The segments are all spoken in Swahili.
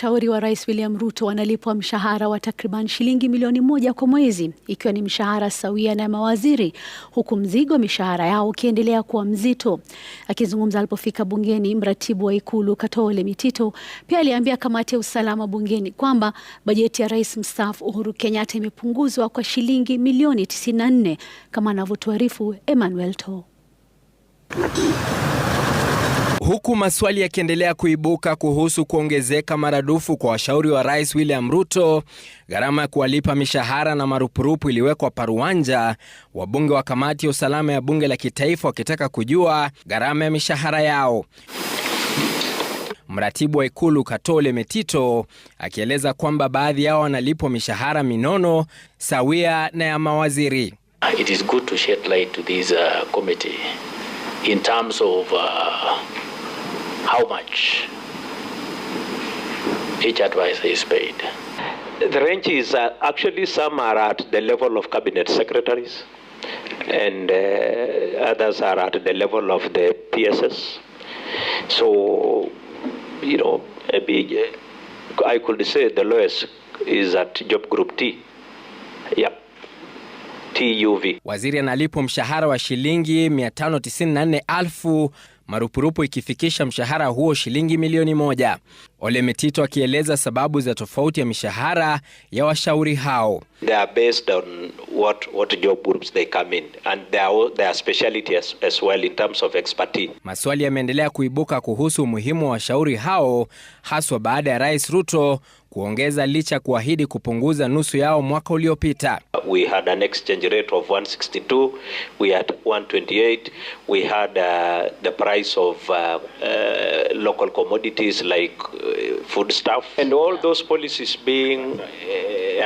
washauri wa Rais William Ruto wanalipwa mshahara wa takriban shilingi milioni moja kwa mwezi ikiwa ni mshahara sawia na mawaziri, huku mzigo wa mishahara yao ukiendelea kuwa mzito. Akizungumza alipofika bungeni, mratibu wa Ikulu Katole Mitito pia aliambia kamati ya usalama bungeni kwamba bajeti ya Rais mstaafu Uhuru Kenyatta imepunguzwa kwa shilingi milioni 94 kama anavyotuarifu Emmanuel To. Huku maswali yakiendelea kuibuka kuhusu kuongezeka maradufu kwa washauri wa Rais William Ruto, gharama ya kuwalipa mishahara na marupurupu iliwekwa paruanja, wabunge wa kamati ya usalama ya bunge la kitaifa wakitaka kujua gharama ya mishahara yao. Mratibu wa ikulu Katole Metito akieleza kwamba baadhi yao wanalipwa mishahara minono sawia na ya mawaziri. It is good to shed light to this, uh, committee in terms of, uh how much each advisor is paid. The range is uh, actually some are at the level of cabinet secretaries and uh, others are at the level of the PSS. So, you know, a big, uh, I could say the lowest is at job group T. Yep. TUV. Waziri analipwa mshahara wa shilingi 594 alfu marupurupu ikifikisha mshahara huo shilingi milioni moja. Ole Metito akieleza sababu za tofauti ya mishahara ya washauri hao they are based on what, what job groups they come in and they are they are speciality as, as well in terms of expertise. Maswali yameendelea kuibuka kuhusu umuhimu wa washauri hao haswa baada ya Rais Ruto kuongeza licha kuahidi kupunguza nusu yao mwaka uliopita. We had an exchange rate of 162, we had 128, we had uh, the price of uh, uh, local commodities like stuff. And all those policies being uh,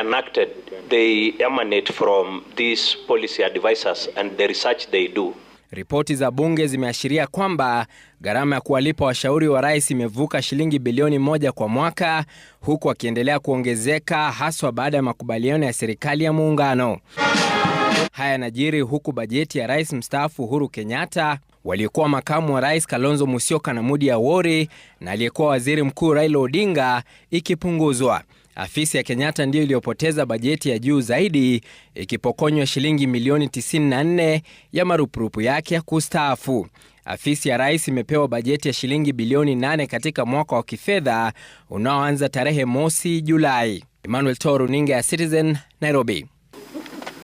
enacted, they emanate from these policy advisors and the research they do. Ripoti za bunge zimeashiria kwamba gharama ya kuwalipa washauri wa rais imevuka shilingi bilioni moja kwa mwaka huku akiendelea kuongezeka haswa baada ya makubaliano ya serikali ya muungano. Haya yanajiri huku bajeti ya rais mstaafu Uhuru Kenyatta waliokuwa makamu wa rais Kalonzo Musyoka na Mudi Awori na aliyekuwa waziri mkuu Raila Odinga ikipunguzwa. Afisi ya Kenyatta ndiyo iliyopoteza bajeti ya juu zaidi ikipokonywa shilingi milioni 94 ya marupurupu yake ya kustaafu. Afisi ya rais imepewa bajeti ya shilingi bilioni 8 katika mwaka wa kifedha unaoanza tarehe mosi Julai. Emmanuel Toro, runinga ya Citizen, Nairobi.